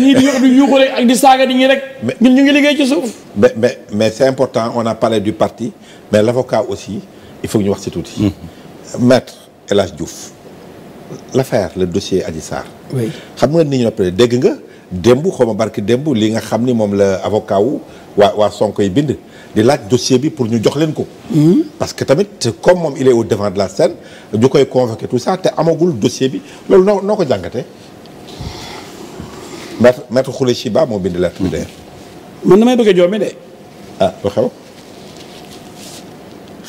ñii di yor di ak di saaga di rek. ñun ñu ngi liggéey ci suuf. mais mais c'est important on a parlé du parti mais l'avocat aussi il faut ñu wax ci tuuti. Hmm. maître El Diouf l'affaire le dossier Adissar, oui xam nga ni ñu noppale dégg nga démb xaw barki démb li nga xamni mom la avocat wu wa waa Sonko yi bind. di laaj dossier bi pour ñu jox len ko. Hmm. parce que tamit comme mom il est au devant de la scène ñu koy convoquer tout ça té amagul dossier bi loolu noko jangaté maître maître Khoureychi Ba moo bind lettre bi de. man damay bëgg a de. ah lu xew.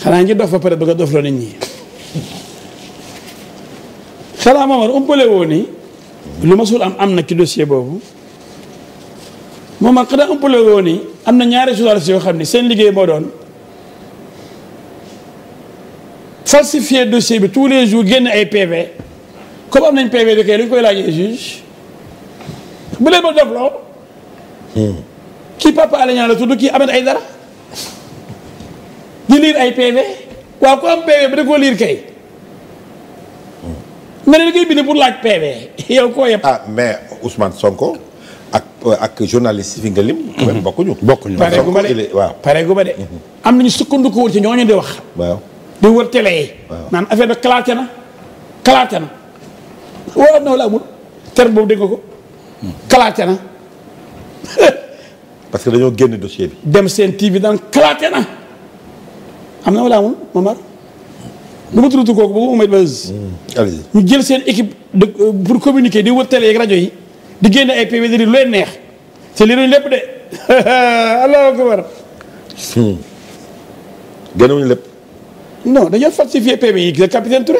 xanaa ngi dof pare bëgg dof loo nit ñi xanaa Momar umpale woo ni lu masul am am ci dossier boobu Momar xanaa umpale woo ni am ñaari journalistes yoo xam seen liggéey moo doon falsifier dossier bi tous les jours génn ay PV comme am nañ PV bi kay lu koy laajee juge. bu leen ma def loo hmm. kii Papa Alé Niang la tudd kii Ahmed Aïdara di liir ay PV waaw ku am PV ba da koo liir kay nga hmm. ne da ngay bind pour laaj PV yow koo yëpp. Ah, mais Ousmane Sonko ak ak journaliste fi nga lim. même bokkuñu. bokkuñu pare gu ma de hmm. am nañu sukkandiku wër ci ñooñu di wax. waaw di wër télé yi. naan affaire bi claté na claté na. wala na wala amul terme boobu dégg ko. parce que dañoo le dossier bi. dem seen TV daan Nous amna am le wala amul Momar. du ma tudd hmm, ñu jël équipe euh, pour communiquer di wër télé C'est yi di génne ay le di lu C'est neex de hmm. non le capitaine Touré.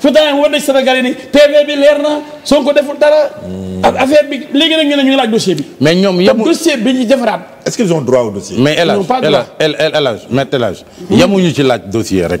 Fouta yaa ngi Sénégal yi ni PV bi leer na soo ko deful dara. ak affaire bi léegi nag ñu ne ñu ngi laaj dossier bi. mais ñoom yemul dossier bi ñu defaraat. est-ce qu'ils ont droit au dossier. mais El Hadj El Hadj El Hadj ci laaj dossier rek.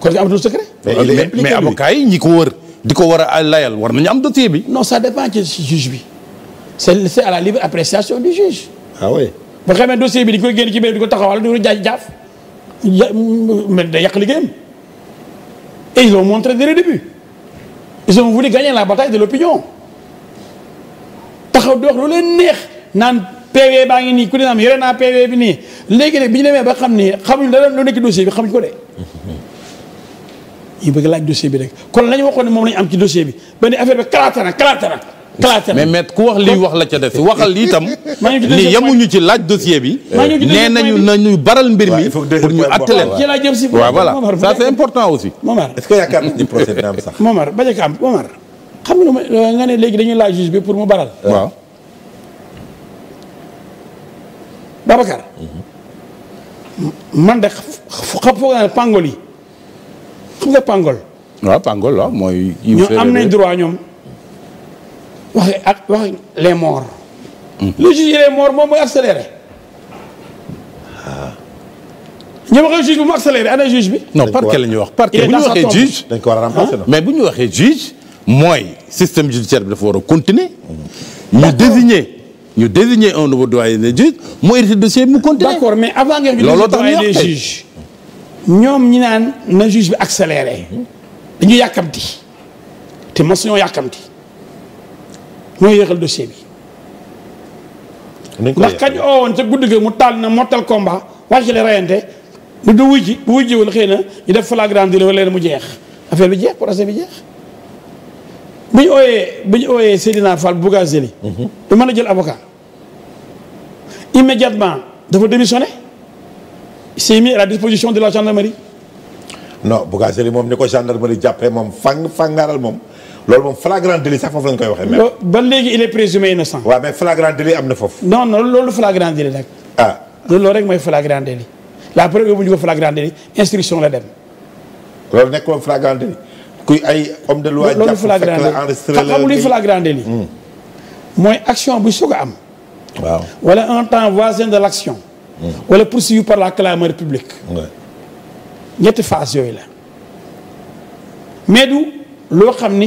kon am amatul secret. mais mais avocat yi ñi ko wër diko wara layal war nañu am dossier bi. non ça dépend ci juge bi c'est c'est à la libre appréciation du juge. ah oui ba xamee dossier bi diko koy génn ci benn diko taxawal du ko jaay jaaf. ya mais day yàq liggéeyam et ils l'ont montré dès le début ils ont voulu gagner la bataille de l'opinion taxaw di wax lu leen neex nan PV baa ngi nii ku ne naan yore naa PV bi ni légui nag biñu démé ba xamni ni xamuñ dara lu nekk dossier bi xamuñ ko dé ñu bëgg laaj dossier bi rek kon la ñu waxoon ne moom la am ci dossier bi ba ni affaire bi kalaate na kalaate na mais ku wax lii wax la ca def waxal lii itam ni yemuñu ci laaj dossier bi nee nañu nañu baral mbir mi pour ñu atte leen ci laa jëm si waaw voilà ça c'est important aussi Momar est-ce que yaakaar nañu procès dina am sax Momar bañ euh, ne léegi dañuy laaj juge bi pour mu baral waaw Babacar man de foog naa ne yi xam nga pangol. waaw pangol waaw mooy. ñu am nañ droit ñoom. waxe ak waxe les morts. Mm-hmm. le juge les morts moom mooy accéléré. Ah. ñoom waxee juge bu mu accéléré ana juge bi. non parquet la ñuy wax parquet bu ñu waxee juge. dañ ko war a remplacer hein? mais bu ñu waxee juge. mooy système judiciaire bi dafa war a continuer. Mm-hmm. ñu désigner ñu désigner un nouveau doyen des juges mooy dossier bi mu continuer. d'accord mais avant ngeen. looloo tax ñu wax ñom ñi naan na juge bi accéléré dañu té ñoy yéxal dossier bi ndax kañ un nous avons mu tal na mortal combat nous le rayenté Nous du wuji bu wala def flagrant mu jeex affaire bi jeex procès bi jeex bu ñu nous bu ñu Fall mhm. jël avocat immédiatement dafa démissionner. C'est mis à la disposition de la gendarmerie. non c'est le ni gendarmerie Il fang un moom loolu flagrant délit koy il est présumé innocent. Oui, mais flagrant délit am non non loolu flagrant délit ah rek flagrant délit la preuve que ñu flagrant délit instruction la dem. C'est quoi, flagrant délit kuy homme de loi. Hmm. action bu un temps voisin de l'action est mmh. poursuivi par la clameur publique y phase des la mais du le xam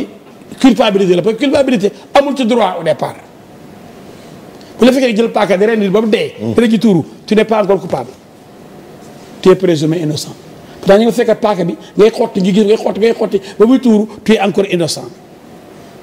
culpabilité la culpabilité a ci droit au départ bu la fekkee que paaka di rendi ba le dee mmh. tu n'es pas encore coupable tu es présumé innocent pourtant ñu nga que paaka bi ngay xotti ngi gis ngay tu es encore innocent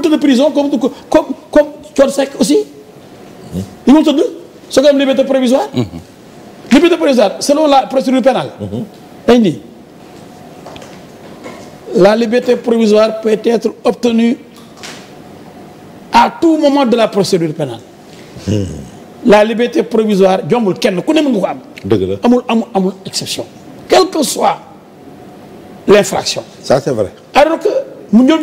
de prison prison comme comme comme aussi. Il ma te ce qu'est liberté provisoire. Mhm. liberté provisoire selon la procédure pénale. Et mhm. la liberté provisoire peut être obtenue à tout moment de la procédure pénale. Mhm. la liberté provisoire j'en ne exception. quelle que soit l'infraction. ça c'est vrai. alors que nous avons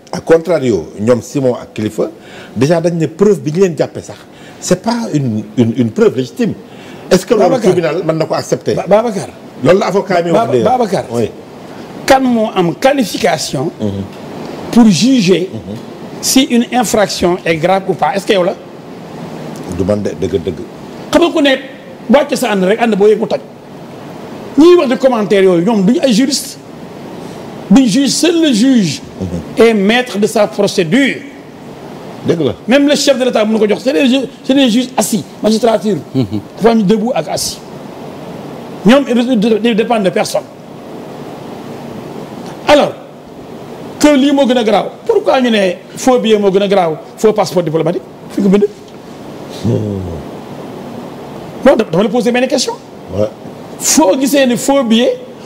A contrario nous, Simon ak Kilifeu déjà dañ une preuve bi de leen c'est pas une preuve légitime. est-ce que le tribunal va na accepter. Babacar L'avocat est mi Babacar oui. kan qualification. Mhm. pour juger. Mhm. si une infraction est grave ou pas est-ce que yow la. de Quand vous connaissez ku ne wàcc sa ànd rek ànd boo de commentaire yooyu ñoom juriste juge seul le juge et maître de sa procédure. Même le chef de l'État, c'est les juges assis, magistrature, mhm. famille debout et assis. ne dépendent de personne. Alors, que l'IMO est grave, pourquoi il faut bien est grave, faut passeport diplomatique hmm. Non, je vais poser une question. Faut qu'il y ait un faux billet.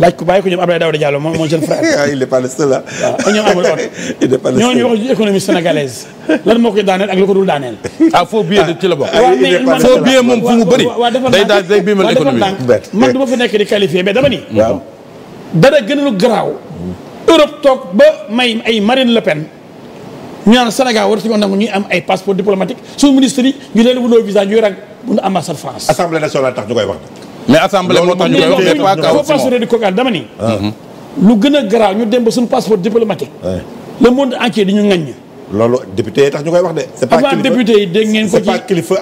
laaj ko bàyyi ko ñoom Abdoulaye Daouda Diallo moom mooy jeune frère. Ah, il n'est pas le seul là. waaw ah, ñoom lu ah, la bokk. faux billet moom fu mu bëri. day daal day biimal économie man du ma fa nekk di qualifié mais dama ni. waaw dara gënalu ba may ay Marine Le Pen. ñu naan Sénégal war ñu leen wuloo visa ñuy rang bu nu ambassade France. assemblée nationale tax ñu koy wax. mais assemblée moo tax ñu koy wax ah. ñu dem ba suñu passeport diplomatique le monde entier di ñu ŋaññ loolu député tax ñu koy wax de c'est pas avant député yi dégg ngeen ko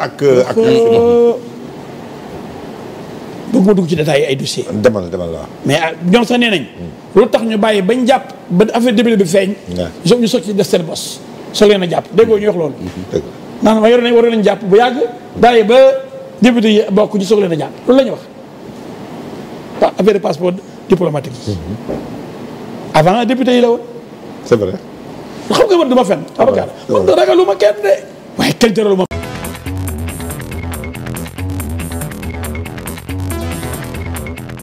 ak euh, ak bëgguma dugg ci détails ay dossier demal demal mais ah, ñoom sax nee nañ tax ñu bàyyi bañ jàpp ba affaire député bi feeñ ñu soog ci def seen bos so leen a jàpp déggoo ñu wax loolu maanaam waroon nañ jàpp bu yàgg bàyyi ba député yi bokk ñu soog leen a ñaan loolu la ñu wax waaw affaire passeport diplomatique yi. Mhm. avant député yi la woon. c'est vrai. xam nga man du ma fenn. waaw waaw ragaluma kenn de waaye kenn jaraluma.